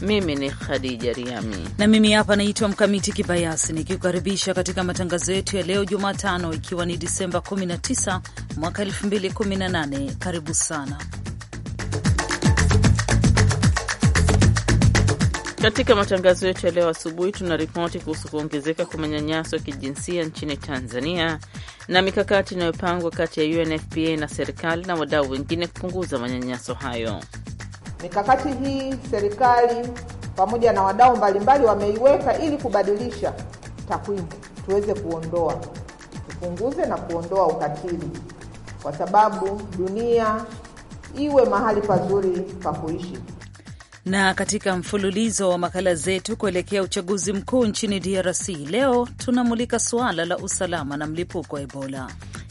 mimi ni Khadija Riami na mimi hapa naitwa Mkamiti Kibayasi nikikukaribisha katika matangazo yetu ya leo Jumatano, ikiwa ni Disemba 19 mwaka 2018. Karibu sana Katika matangazo yetu ya leo asubuhi tuna ripoti kuhusu kuongezeka kwa manyanyaso ya kijinsia nchini Tanzania na mikakati inayopangwa kati ya UNFPA na serikali na wadau wengine kupunguza manyanyaso hayo. Mikakati hii serikali pamoja na wadau mbalimbali wameiweka ili kubadilisha takwimu, tuweze kuondoa, tupunguze na kuondoa ukatili, kwa sababu dunia iwe mahali pazuri pa kuishi. Na katika mfululizo wa makala zetu kuelekea uchaguzi mkuu nchini DRC, leo tunamulika suala la usalama na mlipuko wa Ebola.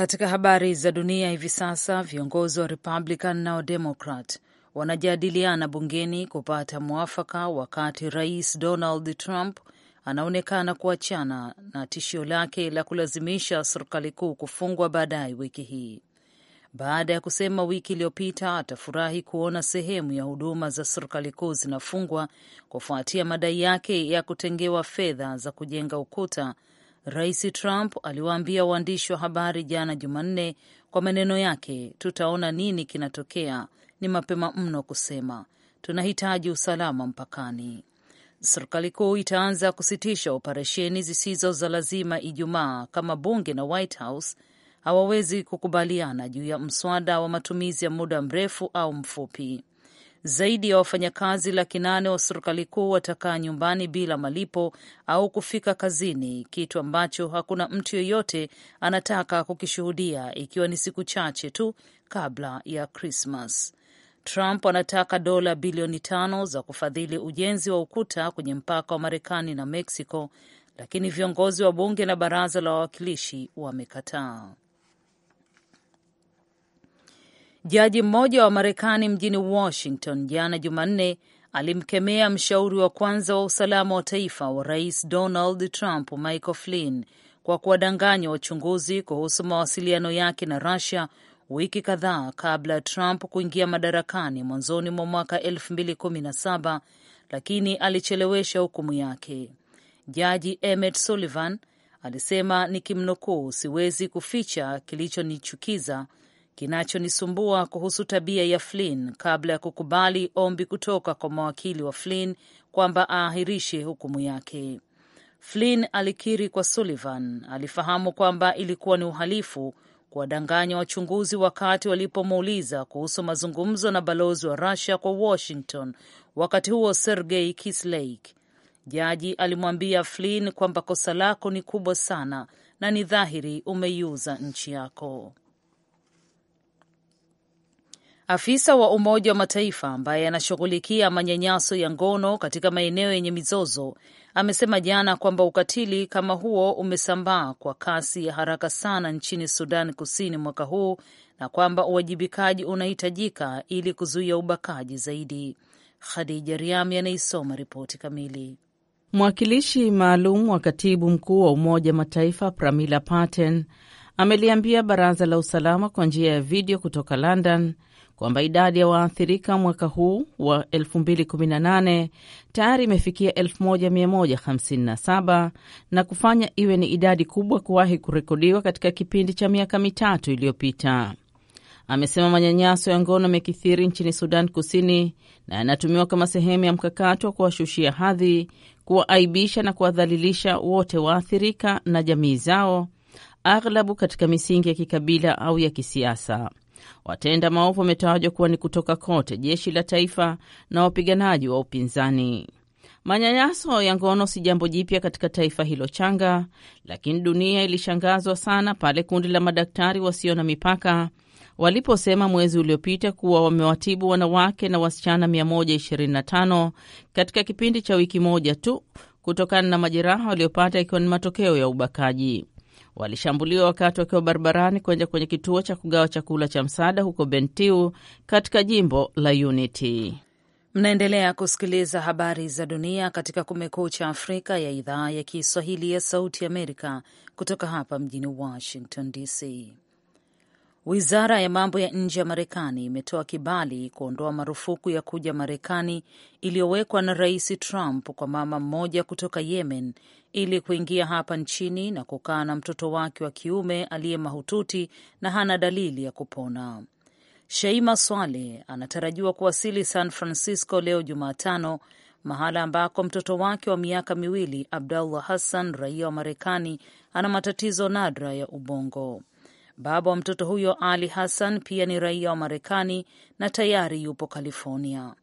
Katika habari za dunia hivi sasa, viongozi wa Republican na Wademokrat wanajadiliana bungeni kupata mwafaka, wakati Rais Donald Trump anaonekana kuachana na tishio lake la kulazimisha serikali kuu kufungwa baadaye wiki hii baada ya kusema wiki iliyopita atafurahi kuona sehemu ya huduma za serikali kuu zinafungwa kufuatia madai yake ya kutengewa fedha za kujenga ukuta Rais Trump aliwaambia waandishi wa habari jana Jumanne, kwa maneno yake, tutaona nini kinatokea, ni mapema mno kusema, tunahitaji usalama mpakani. Serikali kuu itaanza kusitisha operesheni zisizo za lazima Ijumaa kama bunge na White House hawawezi kukubaliana juu ya mswada wa matumizi ya muda mrefu au mfupi zaidi ya wafanyakazi laki nane wa serikali kuu watakaa nyumbani bila malipo au kufika kazini, kitu ambacho hakuna mtu yeyote anataka kukishuhudia, ikiwa ni siku chache tu kabla ya Krismas. Trump anataka dola bilioni tano za kufadhili ujenzi wa ukuta kwenye mpaka wa Marekani na Meksiko, lakini viongozi wa bunge na baraza la wawakilishi wamekataa. Jaji mmoja wa Marekani mjini Washington jana Jumanne alimkemea mshauri wa kwanza wa usalama wa taifa wa rais Donald Trump, Michael Flynn, kwa kuwadanganya wachunguzi kuhusu mawasiliano yake na Russia wiki kadhaa kabla ya Trump kuingia madarakani mwanzoni mwa mwaka 2017, lakini alichelewesha hukumu yake. Jaji emet Sullivan alisema nikimnukuu, siwezi kuficha kilichonichukiza kinachonisumbua kuhusu tabia ya Flynn kabla ya kukubali ombi kutoka kwa mawakili wa Flynn kwamba aahirishe hukumu yake. Flynn alikiri kwa Sullivan alifahamu kwamba ilikuwa ni uhalifu kuwadanganya wachunguzi wakati walipomuuliza kuhusu mazungumzo na balozi wa Russia kwa Washington. Wakati huo Sergei Kislyak, jaji alimwambia Flynn kwamba kosa lako ni kubwa sana na ni dhahiri umeiuza nchi yako. Afisa wa Umoja wa Mataifa ambaye anashughulikia manyanyaso ya ngono katika maeneo yenye mizozo amesema jana kwamba ukatili kama huo umesambaa kwa kasi ya haraka sana nchini Sudan Kusini mwaka huu na kwamba uwajibikaji unahitajika ili kuzuia ubakaji zaidi. Khadija Riami anaisoma ripoti kamili. Mwakilishi maalum wa katibu mkuu wa Umoja Mataifa Pramila Patten ameliambia Baraza la Usalama kwa njia ya video kutoka London kwamba idadi ya waathirika mwaka huu wa 2018 tayari imefikia 1157 na kufanya iwe ni idadi kubwa kuwahi kurekodiwa katika kipindi cha miaka mitatu iliyopita. Amesema manyanyaso ya ngono yamekithiri nchini Sudan Kusini na yanatumiwa kama sehemu ya mkakati wa kuwashushia hadhi, kuwaaibisha na kuwadhalilisha wote waathirika na jamii zao, aghlabu katika misingi ya kikabila au ya kisiasa. Watenda maovu wametajwa kuwa ni kutoka kote jeshi la taifa na wapiganaji wa upinzani. Manyanyaso ya ngono si jambo jipya katika taifa hilo changa, lakini dunia ilishangazwa sana pale kundi la madaktari wasio na mipaka waliposema mwezi uliopita kuwa wamewatibu wanawake na wasichana 125 katika kipindi cha wiki moja tu kutokana na majeraha waliopata ikiwa ni matokeo ya ubakaji. Walishambuliwa wakati wakiwa barabarani kwenda kwenye kituo cha kugawa chakula cha msaada huko Bentiu katika jimbo la Unity. Mnaendelea kusikiliza habari za dunia katika Kumekucha Afrika ya idhaa ya Kiswahili ya Sauti Amerika kutoka hapa mjini Washington DC. Wizara ya mambo ya nje ya Marekani imetoa kibali kuondoa marufuku ya kuja Marekani iliyowekwa na Rais Trump kwa mama mmoja kutoka Yemen ili kuingia hapa nchini na kukaa na mtoto wake wa kiume aliye mahututi na hana dalili ya kupona. Sheima swale anatarajiwa kuwasili San Francisco leo Jumatano, mahala ambako mtoto wake wa miaka miwili Abdullah Hassan, raia wa Marekani, ana matatizo nadra ya ubongo. Baba wa mtoto huyo Ali Hassan pia ni raia wa Marekani na tayari yupo California.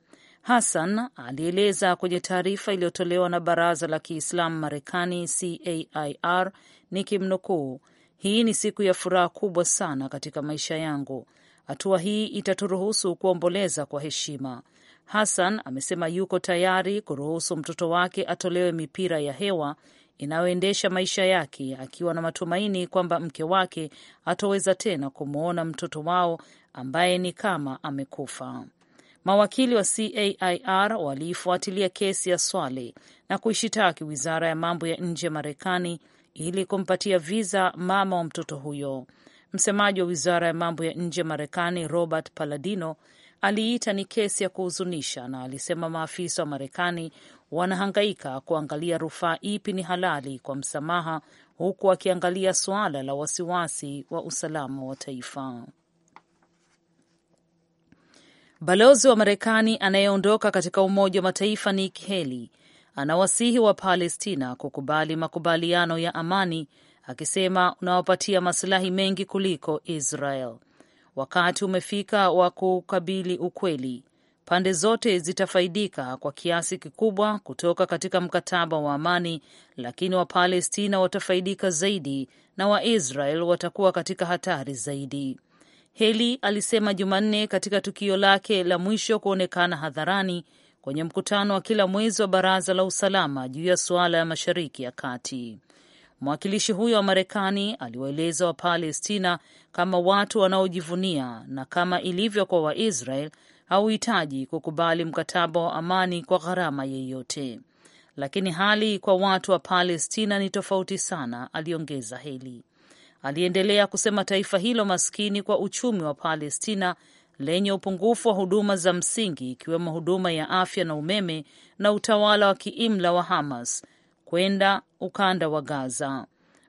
Hassan alieleza kwenye taarifa iliyotolewa na Baraza la Kiislamu Marekani CAIR, nikimnukuu, hii ni siku ya furaha kubwa sana katika maisha yangu. Hatua hii itaturuhusu kuomboleza kwa heshima. Hassan amesema yuko tayari kuruhusu mtoto wake atolewe mipira ya hewa inayoendesha maisha yake akiwa na matumaini kwamba mke wake ataweza tena kumwona mtoto wao ambaye ni kama amekufa. Mawakili wa CAIR waliifuatilia kesi ya Swale na kuishitaki wizara ya mambo ya nje ya Marekani ili kumpatia viza mama wa mtoto huyo. Msemaji wa wizara ya mambo ya nje ya Marekani Robert Paladino aliita ni kesi ya kuhuzunisha na alisema maafisa wa Marekani wanahangaika kuangalia rufaa ipi ni halali kwa msamaha, huku wakiangalia suala la wasiwasi wa usalama wa taifa. Balozi wa Marekani anayeondoka katika Umoja wa Mataifa Nikki Haley anawasihi wa Palestina kukubali makubaliano ya amani, akisema unawapatia masilahi mengi kuliko Israel. Wakati umefika wa kukabili ukweli Pande zote zitafaidika kwa kiasi kikubwa kutoka katika mkataba wa amani, lakini Wapalestina watafaidika zaidi na Waisrael watakuwa katika hatari zaidi, Heli alisema Jumanne katika tukio lake la mwisho kuonekana hadharani kwenye mkutano wa kila mwezi wa Baraza la Usalama juu ya suala ya Mashariki ya Kati. Mwakilishi huyo wa Marekani aliwaeleza Wapalestina kama watu wanaojivunia na kama ilivyo kwa Waisrael hauhitaji kukubali mkataba wa amani kwa gharama yeyote. Lakini hali kwa watu wa Palestina ni tofauti sana, aliongeza Heli. Aliendelea kusema taifa hilo maskini kwa uchumi wa Palestina lenye upungufu wa huduma za msingi ikiwemo huduma ya afya na umeme na utawala wa kiimla wa Hamas kwenda ukanda wa Gaza.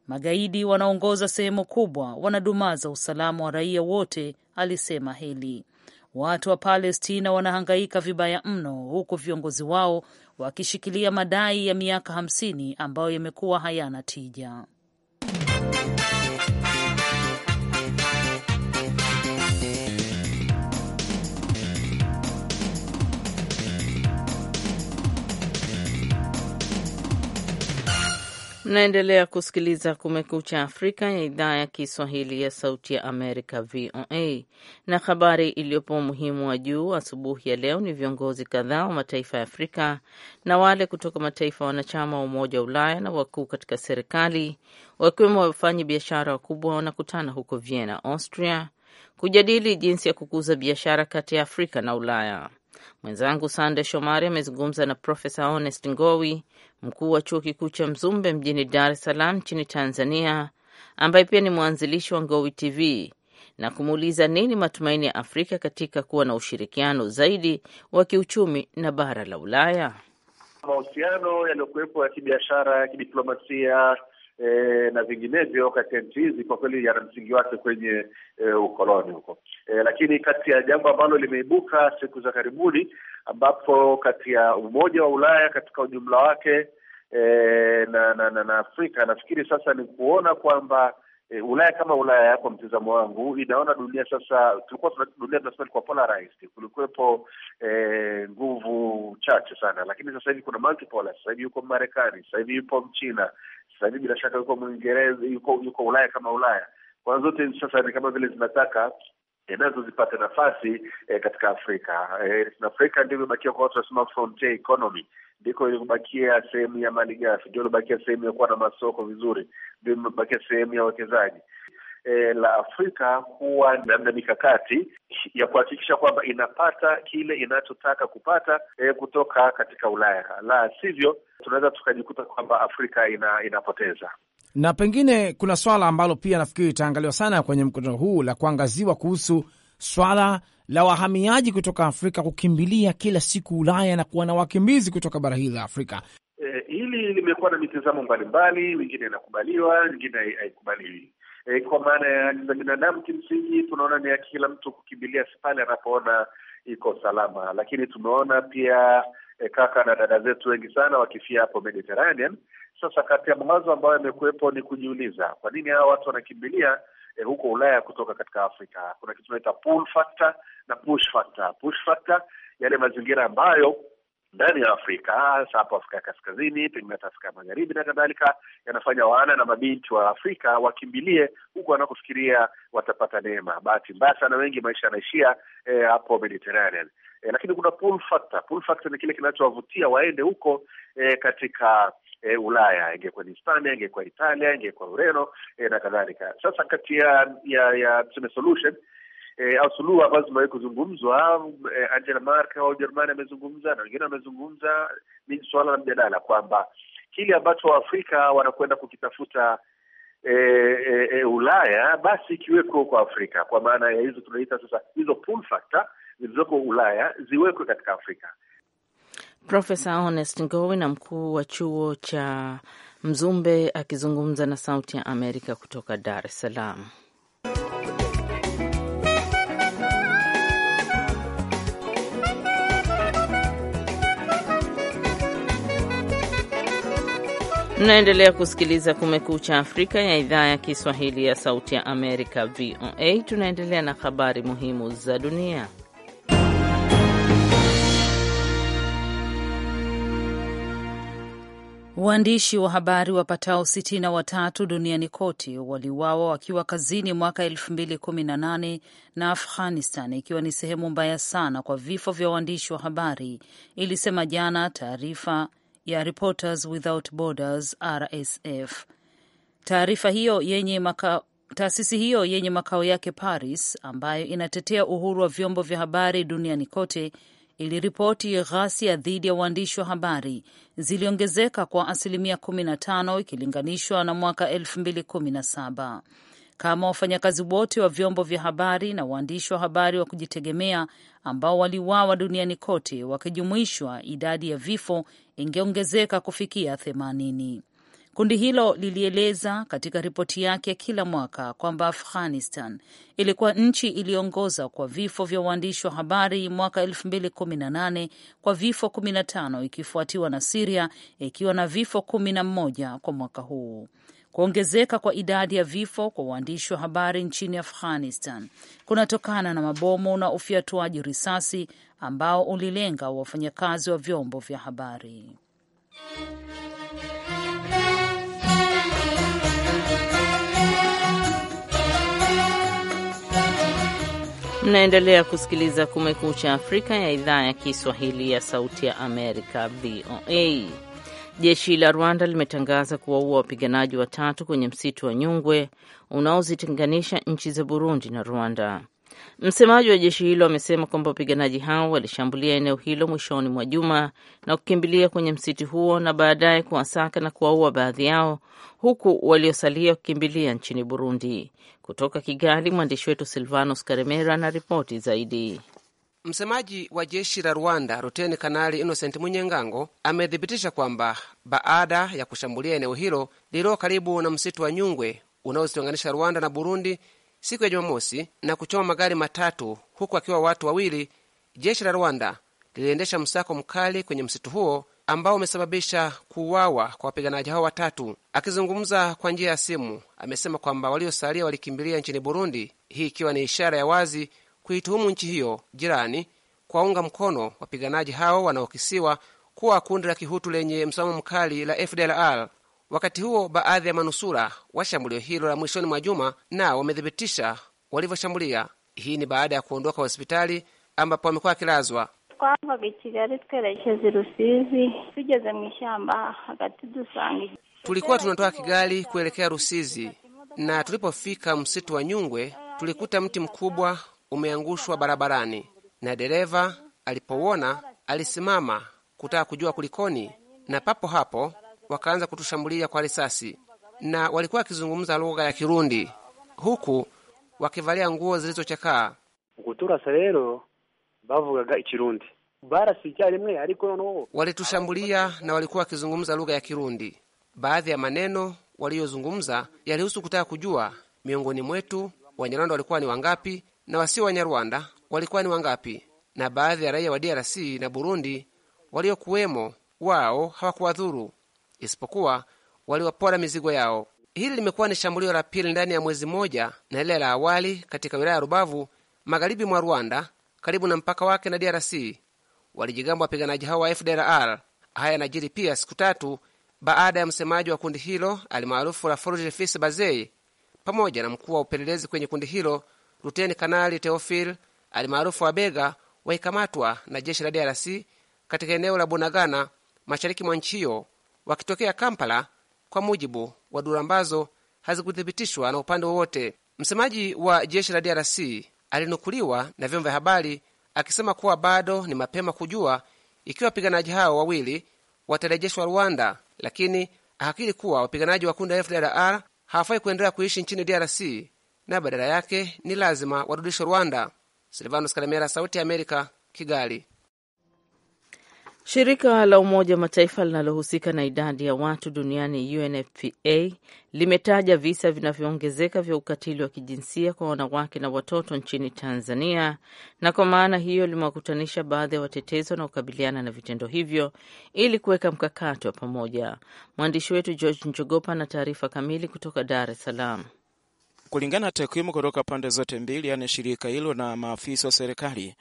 Magaidi wanaongoza sehemu kubwa, wanadumaza usalama wa raia wote, alisema Heli. Watu wa Palestina wanahangaika vibaya mno, huku viongozi wao wakishikilia madai ya miaka hamsini ambayo yamekuwa hayana tija. Mnaendelea kusikiliza Kumekucha Afrika ya idhaa ya Kiswahili ya Sauti ya Amerika, VOA. Na habari iliyopo umuhimu wa juu asubuhi ya leo ni viongozi kadhaa wa mataifa ya Afrika na wale kutoka mataifa wanachama wa Umoja wa Ulaya na wakuu katika serikali, wakiwemo wafanyi biashara wakubwa, wanakutana huko Vienna, Austria, kujadili jinsi ya kukuza biashara kati ya Afrika na Ulaya. Mwenzangu Sande Shomari amezungumza na Profesa Honest Ngowi, mkuu wa chuo kikuu cha Mzumbe mjini Dar es Salaam nchini Tanzania, ambaye pia ni mwanzilishi wa Ngowi TV na kumuuliza nini matumaini ya Afrika katika kuwa na ushirikiano zaidi wa kiuchumi na bara la Ulaya. Mahusiano yaliyokuwepo ya kibiashara, ya kidiplomasia e, na vinginevyo katika nchi hizi, kwa kweli yana msingi wake kwenye e, ukoloni huko e, lakini kati ya jambo ambalo limeibuka siku za karibuni, ambapo kati ya Umoja wa Ulaya katika ujumla wake e, na, na, na, na Afrika nafikiri sasa ni kuona kwamba E, Ulaya kama Ulaya kwa mtizamo wangu inaona dunia sasa, tulikuwa dunia tunasema ilikuwa polarized, kulikuwepo e, nguvu chache sana, lakini sasa hivi kuna multipolar. Sasa hivi yuko Marekani, sasa hivi yupo Mchina, sasa hivi bila shaka yuko Mwingereza, yuko yuko Ulaya kama Ulaya. Kwa zote hizi sasa ni kama vile zinataka eh, nazo zipate nafasi e, katika Afrika eh, Afrika ndio imebakia kwa watu wanasema frontier economy, ndiko iliobakia sehemu ya malighafi, ndio ilibakia sehemu ya kuwa na masoko vizuri, ndio imebakia sehemu ya wawekezaji e, la Afrika kuwa na mikakati ya kuhakikisha kwamba inapata kile inachotaka kupata e, kutoka katika Ulaya, la sivyo tunaweza tukajikuta kwamba Afrika ina, inapoteza na pengine kuna swala ambalo pia nafikiri itaangaliwa sana kwenye mkutano huu la kuangaziwa kuhusu swala la wahamiaji kutoka Afrika kukimbilia kila siku Ulaya na kuwa na wakimbizi kutoka bara hili la Afrika. E, hili limekuwa na mitazamo mbalimbali, wengine inakubaliwa, wengine haikubaliwi e, kwa maana ya haki za binadamu, kimsingi tunaona ni ya kila mtu kukimbilia pale anapoona iko salama, lakini tumeona pia e, kaka na dada zetu wengi sana wakifia hapo Mediterranean. Sasa kati ya mawazo ambayo yamekuwepo ni kujiuliza kwa nini hawa watu wanakimbilia E, huko Ulaya kutoka katika Afrika kuna kitu tunaita pull factor na push factor. Push factor yale mazingira ambayo ndani ya Afrika, hasa hapo Afrika Kaskazini, pengine hata Afrika Magharibi na kadhalika, yanafanya wana na mabinti wa Afrika wakimbilie huku wanakofikiria watapata neema. Bahati mbaya sana, wengi maisha yanaishia eh, hapo eh, Mediterranean. Eh, lakini kuna pull factor. Pull factor ni kile kinachowavutia waende huko eh, katika e, Ulaya, ingekuwa ni Hispania, ingekuwa Italia, ingekuwa Ureno e, na kadhalika. Sasa kati ya ya, ya tuseme solution e, eh, au suluhu ambazo zimewahi kuzungumzwa. E, Angela Merkel wa Ujerumani amezungumza na wengine wamezungumza, ni suala la mjadala kwamba kile ambacho Waafrika wanakwenda kukitafuta e, e, e, Ulaya basi ikiweko kwa Afrika, kwa maana ya hizo tunaita sasa hizo pull factor zilizoko Ulaya ziwekwe katika Afrika. Profesa Honest Ngowi na mkuu wa chuo cha Mzumbe akizungumza na Sauti ya Amerika kutoka Dar es Salaam. Mnaendelea kusikiliza Kumekucha Afrika ya idhaa ya Kiswahili ya Sauti ya Amerika, VOA. Tunaendelea na habari muhimu za dunia. Waandishi wa habari wapatao sitini na watatu duniani kote waliuawa wakiwa kazini mwaka elfu mbili kumi na nane na Afghanistan ikiwa ni sehemu mbaya sana kwa vifo vya waandishi wa habari, ilisema jana taarifa ya Reporters Without Borders RSF. Taarifa hiyo yenye maka taasisi hiyo yenye makao yake Paris, ambayo inatetea uhuru wa vyombo vya habari duniani kote, iliripoti ghasia dhidi ya waandishi wa habari ziliongezeka kwa asilimia 15 ikilinganishwa na mwaka 2017. Kama wafanyakazi wote wa vyombo vya habari na waandishi wa habari wa kujitegemea ambao waliuawa duniani kote wakijumuishwa, idadi ya vifo ingeongezeka kufikia themanini. Kundi hilo lilieleza katika ripoti yake kila mwaka kwamba Afghanistan ilikuwa nchi iliyoongoza kwa vifo vya waandishi wa habari mwaka 2018 kwa vifo 15 ikifuatiwa na Siria ikiwa na vifo 11 kwa mwaka huu. Kuongezeka kwa idadi ya vifo kwa waandishi wa habari nchini Afghanistan kunatokana na mabomu na ufyatuaji risasi ambao ulilenga wafanyakazi wa vyombo vya habari. Mnaendelea kusikiliza Kumekucha Afrika ya idhaa ya Kiswahili ya Sauti ya Amerika, VOA. Jeshi la Rwanda limetangaza kuwaua wapiganaji watatu kwenye msitu wa Nyungwe unaozitenganisha nchi za Burundi na Rwanda. Msemaji wa jeshi hilo amesema kwamba wapiganaji hao walishambulia eneo hilo mwishoni mwa juma na kukimbilia kwenye msitu huo na baadaye kuwasaka na kuwaua baadhi yao, huku waliosalia wakikimbilia nchini Burundi. Kutoka Kigali, mwandishi wetu Silvanos Karemera na ripoti zaidi. Msemaji wa jeshi la Rwanda, Luteni Kanali Innocent Munyengango, amethibitisha kwamba baada ya kushambulia eneo hilo lililo karibu na msitu wa Nyungwe unaozitenganisha Rwanda na Burundi siku ya Jumamosi na kuchoma magari matatu, huku akiwa watu wawili. Jeshi la Rwanda liliendesha msako mkali kwenye msitu huo ambao umesababisha kuuawa kwa wapiganaji hao watatu. Akizungumza kwa njia ya simu, amesema kwamba waliosalia walikimbilia nchini Burundi, hii ikiwa ni ishara ya wazi kuituhumu nchi hiyo jirani kuwaunga mkono wapiganaji hao wanaokisiwa kuwa kundi la kihutu lenye msimamo mkali la FDLR. Wakati huo baadhi ya manusura wa shambulio hilo la mwishoni mwa juma nao wamethibitisha walivyoshambulia. Hii ni baada ya kuondoka hospitali ambapo wamekuwa wakilazwa. twavaga i kigali twerekeza rusizi tugeze mu hagati dusanga, tulikuwa tunatoka Kigali kuelekea Rusizi na tulipofika msitu wa Nyungwe tulikuta mti mkubwa umeangushwa barabarani, na dereva alipouona alisimama kutaka kujua kulikoni, na papo hapo wakaanza kutushambulia kwa risasi, na walikuwa wakizungumza lugha ya Kirundi huku wakivalia nguo zilizochakaa. guturasa rero bavugaga ikirundi barasija ariko noneho walitushambulia na walikuwa wakizungumza lugha ya Kirundi. Baadhi ya maneno waliyozungumza yalihusu kutaka kujua miongoni mwetu Wanyarwanda walikuwa ni wangapi na wasio Wanyarwanda walikuwa ni wangapi, na baadhi ya raia wa DRC na Burundi waliokuwemo wao hawakuwadhuru, isipokuwa waliwapora mizigo yao. Hili limekuwa ni shambulio la pili ndani ya mwezi mmoja, na lile la awali katika wilaya ya Rubavu, magharibi mwa Rwanda, karibu na mpaka wake na DRC, walijigamba wapiganaji hao wa FDLR. Haya yanajiri pia siku tatu baada ya msemaji wa kundi hilo alimaarufu la Forge Fils Bazei pamoja na mkuu wa upelelezi kwenye kundi hilo Luteni Kanali Teofil alimaarufu Wabega waikamatwa na jeshi la DRC katika eneo la Bunagana mashariki mwa nchi hiyo wakitokea Kampala, kwa mujibu wa duru ambazo hazikuthibitishwa na upande wowote. Msemaji wa jeshi la DRC alinukuliwa na vyombo vya habari akisema kuwa bado ni mapema kujua ikiwa wapiganaji hao wawili watarejeshwa Rwanda, lakini ahakiri kuwa wapiganaji wa kundi la FDLR hawafai kuendelea kuishi nchini DRC na badala yake ni lazima warudishwe Rwanda. Silvanus Kalemera, Sauti ya Amerika, Kigali. Shirika la Umoja wa Mataifa linalohusika na idadi ya watu duniani UNFPA limetaja visa vinavyoongezeka vya ukatili wa kijinsia kwa wanawake na watoto nchini Tanzania, na kwa maana hiyo limewakutanisha baadhi ya watetezi wanaokabiliana na vitendo hivyo ili kuweka mkakati wa pamoja. Mwandishi wetu George Njogopa na taarifa kamili kutoka Dar es Salaam. Kulingana na takwimu kutoka pande zote mbili, yaani shirika hilo na maafisa wa serikali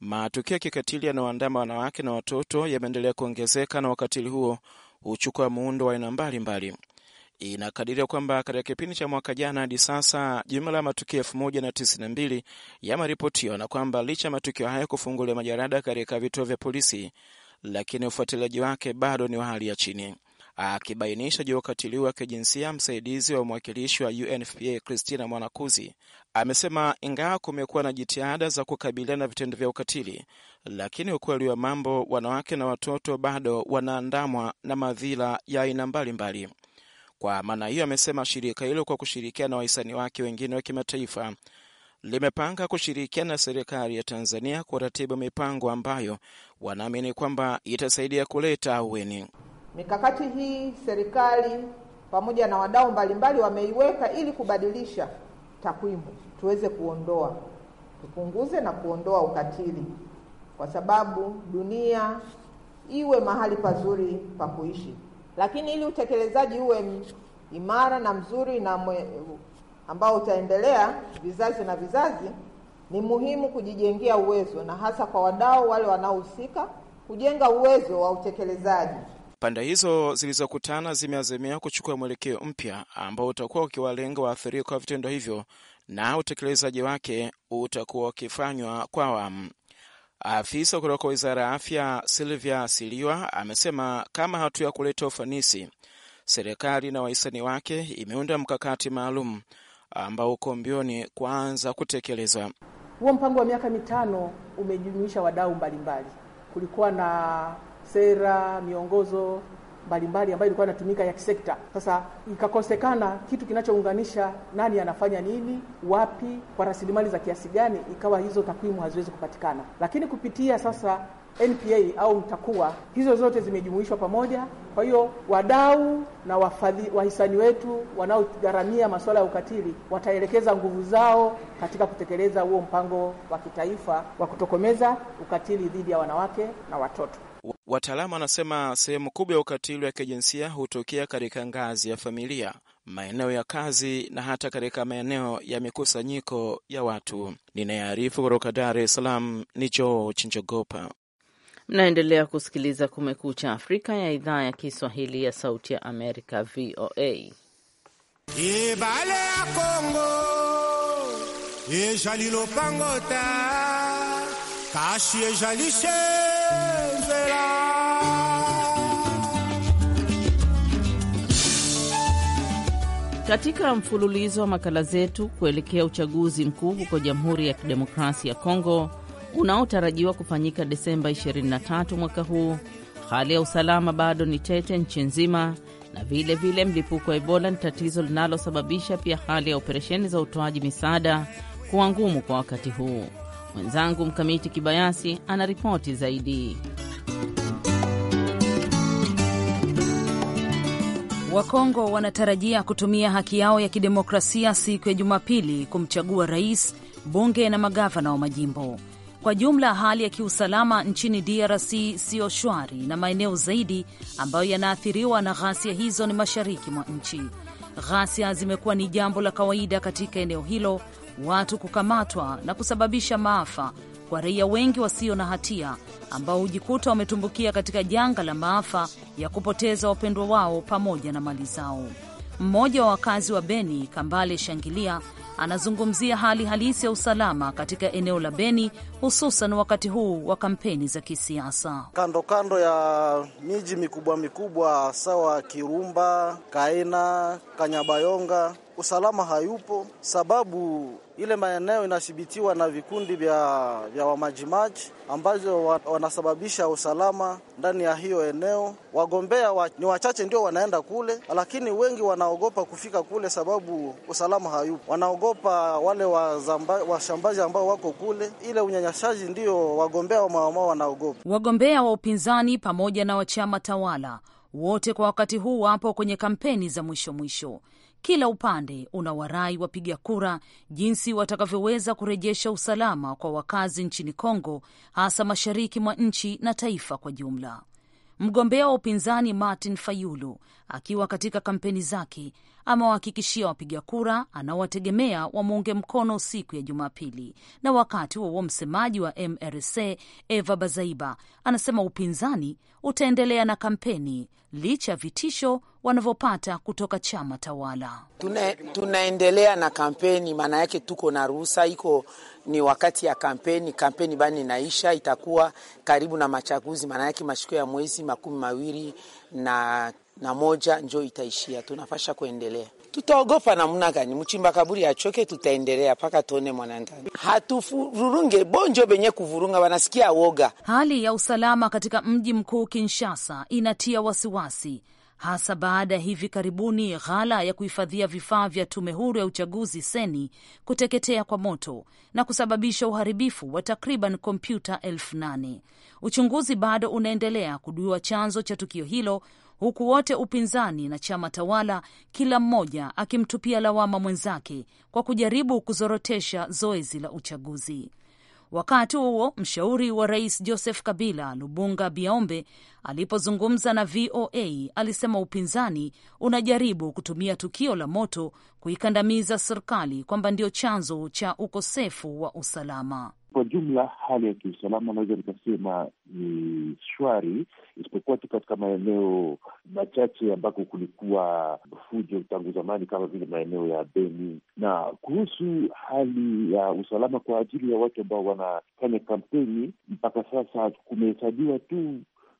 Matukio ya kikatili yanayoandama wanawake na watoto yameendelea kuongezeka na wakatili huo huchukua muundo wa aina mbalimbali. Inakadiria kwamba katika kipindi cha mwaka jana hadi sasa jumla ya matukio elfu moja na tisini na mbili yameripotiwa na kwamba licha ya matukio hayo kufungulia majarada katika vituo vya polisi, lakini ufuatiliaji wake bado ni wa hali ya chini. Akibainisha juu ya ukatili wa kijinsia, msaidizi wa mwakilishi wa UNFPA Christina Mwanakuzi Amesema ingawa kumekuwa na jitihada za kukabiliana na vitendo vya ukatili, lakini ukweli wa mambo, wanawake na watoto bado wanaandamwa na madhila ya aina mbalimbali. Kwa maana hiyo, amesema shirika hilo kwa kushirikiana na wahisani wake wengine wa kimataifa limepanga kushirikiana na serikali ya Tanzania kuratibu mipango ambayo wanaamini kwamba itasaidia kuleta ahueni. Mikakati hii serikali pamoja na wadau mbalimbali wameiweka ili kubadilisha takwimu tuweze kuondoa, tupunguze na kuondoa ukatili, kwa sababu dunia iwe mahali pazuri pa kuishi, lakini ili utekelezaji uwe imara na mzuri na mwe, ambao utaendelea vizazi na vizazi, ni muhimu kujijengea uwezo na hasa kwa wadau wale wanaohusika kujenga uwezo wa utekelezaji. Pande hizo zilizokutana zimeazimia kuchukua mwelekeo mpya ambao utakuwa ukiwalenga waathirika wa vitendo hivyo na utekelezaji wake utakuwa ukifanywa kwa awamu. Afisa kutoka wizara ya afya Silvia Siliwa amesema kama hatua ya kuleta ufanisi, serikali na wahisani wake imeunda mkakati maalum ambao uko mbioni kuanza kutekelezwa. Huo mpango wa miaka mitano umejumuisha wadau mbalimbali. Kulikuwa na sera, miongozo mbalimbali ambayo ilikuwa inatumika ya kisekta. Sasa ikakosekana kitu kinachounganisha nani anafanya nini wapi kwa rasilimali za kiasi gani, ikawa hizo takwimu haziwezi kupatikana. Lakini kupitia sasa NPA au mtakuwa hizo zote zimejumuishwa pamoja. Kwa hiyo wadau na wafadhi, wahisani wetu wanaogharamia masuala ya ukatili wataelekeza nguvu zao katika kutekeleza huo mpango wa kitaifa wa kutokomeza ukatili dhidi ya wanawake na watoto. Wataalamu anasema sehemu kubwa ya ukatili wa kijinsia hutokea katika ngazi ya familia, maeneo ya kazi na hata katika maeneo ya mikusanyiko ya watu. Ninayearifu kutoka Dar es Salaam ni George Njogopa. Mnaendelea kusikiliza Kumekucha Afrika ya idhaa ya Kiswahili ya Sauti ya Amerika, VOA. ibale ya Kongo ejalilopangota kashi ejalishe Katika mfululizo wa makala zetu kuelekea uchaguzi mkuu huko Jamhuri ya Kidemokrasia ya Kongo unaotarajiwa kufanyika Desemba 23 mwaka huu, hali ya usalama bado ni tete nchi nzima, na vile vile mlipuko wa Ebola ni tatizo linalosababisha pia hali ya operesheni za utoaji misaada kuwa ngumu kwa wakati huu. Mwenzangu Mkamiti Kibayasi ana ripoti zaidi. Wakongo wanatarajia kutumia haki yao ya kidemokrasia siku ya Jumapili kumchagua rais, bunge na magavana wa majimbo. Kwa jumla, hali ya kiusalama nchini DRC siyo shwari, na maeneo zaidi ambayo yanaathiriwa na ghasia hizo ni mashariki mwa nchi. Ghasia zimekuwa ni jambo la kawaida katika eneo hilo, watu kukamatwa na kusababisha maafa kwa raia wengi wasio na hatia ambao hujikuta wametumbukia katika janga la maafa ya kupoteza wapendwa wao pamoja na mali zao. Mmoja wa wakazi wa Beni, Kambale Shangilia, anazungumzia hali halisi ya usalama katika eneo la Beni, hususan wakati huu wa kampeni za kisiasa. Kando kando ya miji mikubwa mikubwa sawa Kirumba, Kaina, Kanyabayonga, usalama hayupo sababu ile maeneo inathibitiwa na vikundi vya, vya wamajimaji ambazo wa, wanasababisha usalama ndani ya hiyo eneo. Wagombea wa, ni wachache ndio wanaenda kule, lakini wengi wanaogopa kufika kule sababu usalama hayupo. Wanaogopa wale washambazi ambao wako kule, ile unyanyashaji ndio wagombea wamawamao wanaogopa. Wagombea wa upinzani pamoja na wa chama tawala wote kwa wakati huu wapo kwenye kampeni za mwisho mwisho. Kila upande unawarai wapiga kura jinsi watakavyoweza kurejesha usalama kwa wakazi nchini Kongo, hasa mashariki mwa nchi na taifa kwa jumla. Mgombea wa upinzani Martin Fayulu akiwa katika kampeni zake amewahakikishia wapiga kura anaowategemea wamuunge mkono siku ya Jumapili. Na wakati huo msemaji wa MRC Eva Bazaiba anasema upinzani utaendelea na kampeni licha ya vitisho wanavyopata kutoka chama tawala. Tuna, tunaendelea na kampeni, maana yake tuko na ruhusa, iko ni wakati ya kampeni. Kampeni bani inaisha, itakuwa karibu na machaguzi, maana yake mashiko ya mwezi makumi mawili na na moja njo itaishia, tunapasha kuendelea. Tutaogopa namna gani? Mchimba kaburi achoke, tutaendelea mpaka tuone mwanandani, hatuvurunge bonjo benye kuvurunga, wanasikia woga. Hali ya usalama katika mji mkuu Kinshasa inatia wasiwasi hasa baada ya hivi karibuni ghala ya kuhifadhia vifaa vya tume huru ya uchaguzi seni kuteketea kwa moto na kusababisha uharibifu wa takriban kompyuta elfu nane. Uchunguzi bado unaendelea kujua chanzo cha tukio hilo, huku wote upinzani na chama tawala kila mmoja akimtupia lawama mwenzake kwa kujaribu kuzorotesha zoezi la uchaguzi. Wakati huo mshauri wa rais Joseph Kabila, Lubunga Biaombe, alipozungumza na VOA alisema upinzani unajaribu kutumia tukio la moto kuikandamiza serikali kwamba ndio chanzo cha ukosefu wa usalama. Kwa jumla, hali ya kiusalama naweza nikasema ni shwari, isipokuwa tu katika maeneo machache ambako kulikuwa fujo tangu zamani kama vile maeneo ya Beni. Na kuhusu hali ya usalama kwa ajili ya watu ambao wanafanya kampeni, mpaka sasa kumehesabiwa tu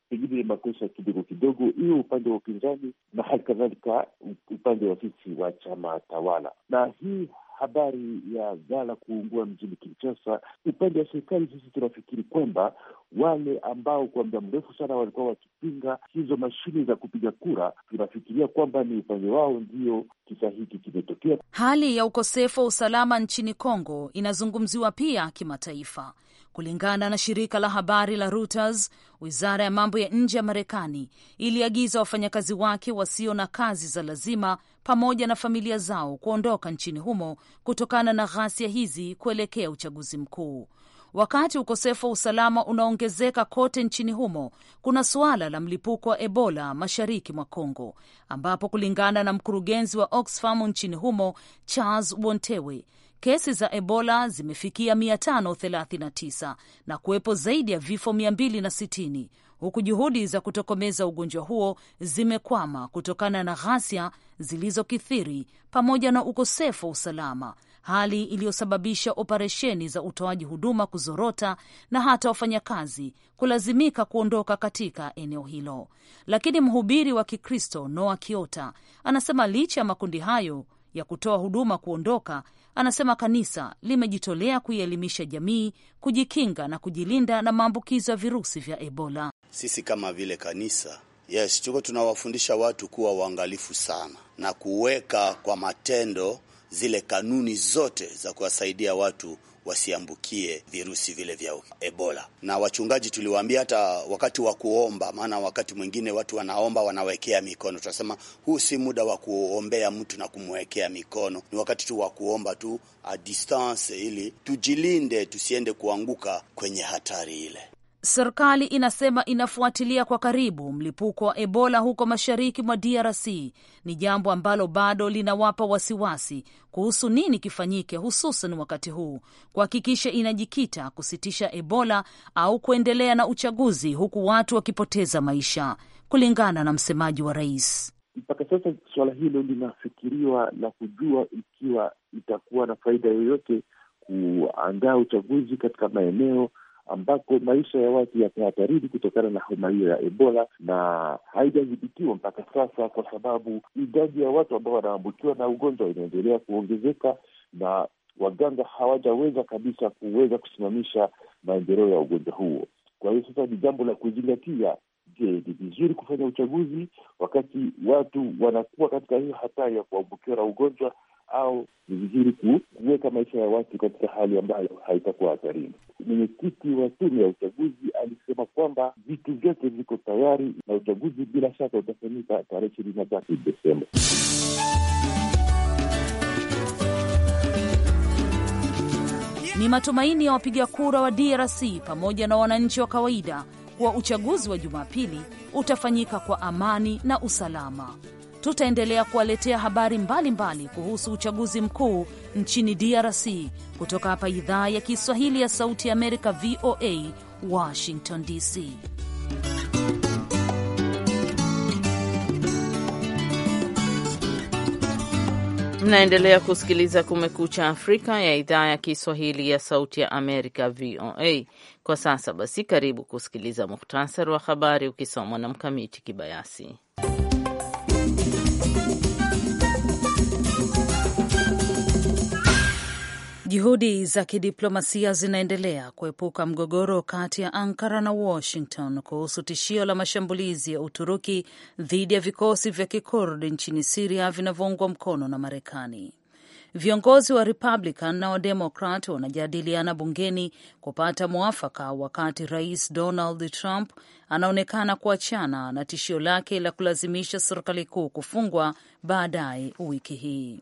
pengine makosa kidogo kidogo, hiyo upande wa upinzani na hali kadhalika upande wa sisi wa chama tawala, na hii habari ya ghala kuungua mjini Kinshasa, upande wa serikali sisi tunafikiri kwamba wale ambao kwa muda mrefu sana walikuwa wakipinga hizo mashine za kupiga kura, tunafikiria kwamba ni upande wao ndio kisa hiki kimetokea. Hali ya ukosefu wa usalama nchini Kongo inazungumziwa pia kimataifa. Kulingana na shirika la habari la Reuters, wizara ya mambo ya nje ya Marekani iliagiza wafanyakazi wake wasio na kazi za lazima pamoja na familia zao kuondoka nchini humo kutokana na ghasia hizi kuelekea uchaguzi mkuu. Wakati ukosefu wa usalama unaongezeka kote nchini humo, kuna suala la mlipuko wa Ebola mashariki mwa congo ambapo kulingana na mkurugenzi wa Oxfam nchini humo Charles Wontewe, kesi za Ebola zimefikia 539 na kuwepo zaidi ya vifo 260 huku juhudi za kutokomeza ugonjwa huo zimekwama kutokana na ghasia zilizokithiri pamoja na ukosefu wa usalama, hali iliyosababisha operesheni za utoaji huduma kuzorota na hata wafanyakazi kulazimika kuondoka katika eneo hilo. Lakini mhubiri wa Kikristo noa Kiota anasema licha ya makundi hayo ya kutoa huduma kuondoka, Anasema kanisa limejitolea kuielimisha jamii kujikinga na kujilinda na maambukizo ya virusi vya Ebola. Sisi kama vile kanisa, yes, tuko tunawafundisha watu kuwa waangalifu sana na kuweka kwa matendo zile kanuni zote za kuwasaidia watu wasiambukie virusi vile vya Ebola. Na wachungaji tuliwaambia hata wakati wa kuomba, maana wakati mwingine watu wanaomba wanawekea mikono. Tunasema huu si muda wa kuombea mtu na kumwekea mikono, ni wakati tu wa kuomba tu a distance, ili tujilinde tusiende kuanguka kwenye hatari ile. Serikali inasema inafuatilia kwa karibu mlipuko wa Ebola huko mashariki mwa DRC. Ni jambo ambalo bado linawapa wasiwasi kuhusu nini kifanyike, hususan wakati huu kuhakikisha inajikita kusitisha Ebola au kuendelea na uchaguzi, huku watu wakipoteza maisha, kulingana na msemaji wa rais. Mpaka sasa suala hilo linafikiriwa na kujua ikiwa itakuwa na faida yoyote kuandaa uchaguzi katika maeneo ambako maisha ya watu yamehatarini kutokana na homa hiyo ya Ebola, na haijadhibitiwa mpaka sasa, kwa sababu idadi ya watu ambao wanaambukiwa na ugonjwa inaendelea kuongezeka na waganga hawajaweza kabisa kuweza kusimamisha maendeleo ya ugonjwa huo. Kwa hiyo sasa ni jambo la kuzingatia. Je, ni vizuri kufanya uchaguzi wakati watu wanakuwa katika hiyo hatari ya kuambukiwa na ugonjwa au ni vizuri kuweka maisha ya watu katika hali ambayo haitakuwa hatarini. Mwenyekiti wa tume ya uchaguzi alisema kwamba vitu vyote viko tayari na uchaguzi bila shaka utafanyika tarehe ishirini na tatu Desemba. Ni matumaini ya wapiga kura wa DRC pamoja na wananchi wa kawaida kuwa uchaguzi wa Jumapili utafanyika kwa amani na usalama tutaendelea kuwaletea habari mbalimbali mbali kuhusu uchaguzi mkuu nchini DRC kutoka hapa idhaa ya Kiswahili ya Sauti ya Amerika, VOA Washington DC. Mnaendelea kusikiliza Kumekucha Afrika ya idhaa ya Kiswahili ya Sauti ya Amerika, VOA. Kwa sasa basi, karibu kusikiliza muhtasari wa habari ukisomwa na Mkamiti Kibayasi. Juhudi za kidiplomasia zinaendelea kuepuka mgogoro kati ya Ankara na Washington kuhusu tishio la mashambulizi ya Uturuki dhidi ya vikosi vya kikurdi nchini Siria vinavyoungwa mkono na Marekani. Viongozi wa Republican na Wademokrat wanajadiliana bungeni kupata mwafaka wakati Rais Donald Trump anaonekana kuachana na tishio lake la kulazimisha serikali kuu kufungwa baadaye wiki hii.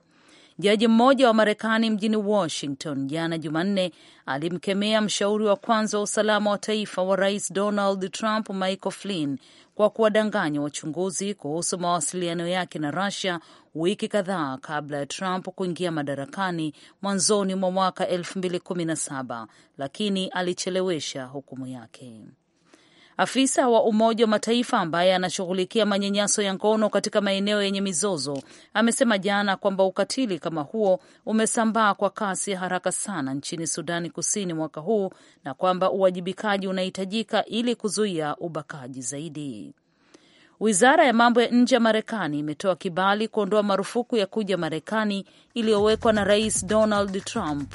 Jaji mmoja wa Marekani mjini Washington jana Jumanne alimkemea mshauri wa kwanza wa usalama wa taifa wa rais Donald Trump, Michael Flynn, kwa kuwadanganya wachunguzi kuhusu mawasiliano yake na Russia wiki kadhaa kabla ya Trump kuingia madarakani mwanzoni mwa mwaka 2017, lakini alichelewesha hukumu yake. Afisa wa Umoja wa Mataifa ambaye anashughulikia manyanyaso ya ngono katika maeneo yenye mizozo amesema jana kwamba ukatili kama huo umesambaa kwa kasi ya haraka sana nchini Sudani Kusini mwaka huu na kwamba uwajibikaji unahitajika ili kuzuia ubakaji zaidi. Wizara ya mambo ya nje ya Marekani imetoa kibali kuondoa marufuku ya kuja Marekani iliyowekwa na Rais Donald Trump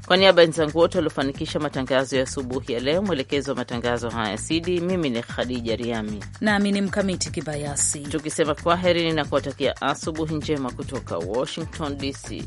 Kwa niaba ya wenzangu wote waliofanikisha matangazo ya asubuhi ya leo, mwelekezi wa matangazo haya Sidi, mimi ni Khadija Riami nami ni Mkamiti Kibayasi, tukisema kwaherini na kuwatakia asubuhi njema kutoka Washington DC.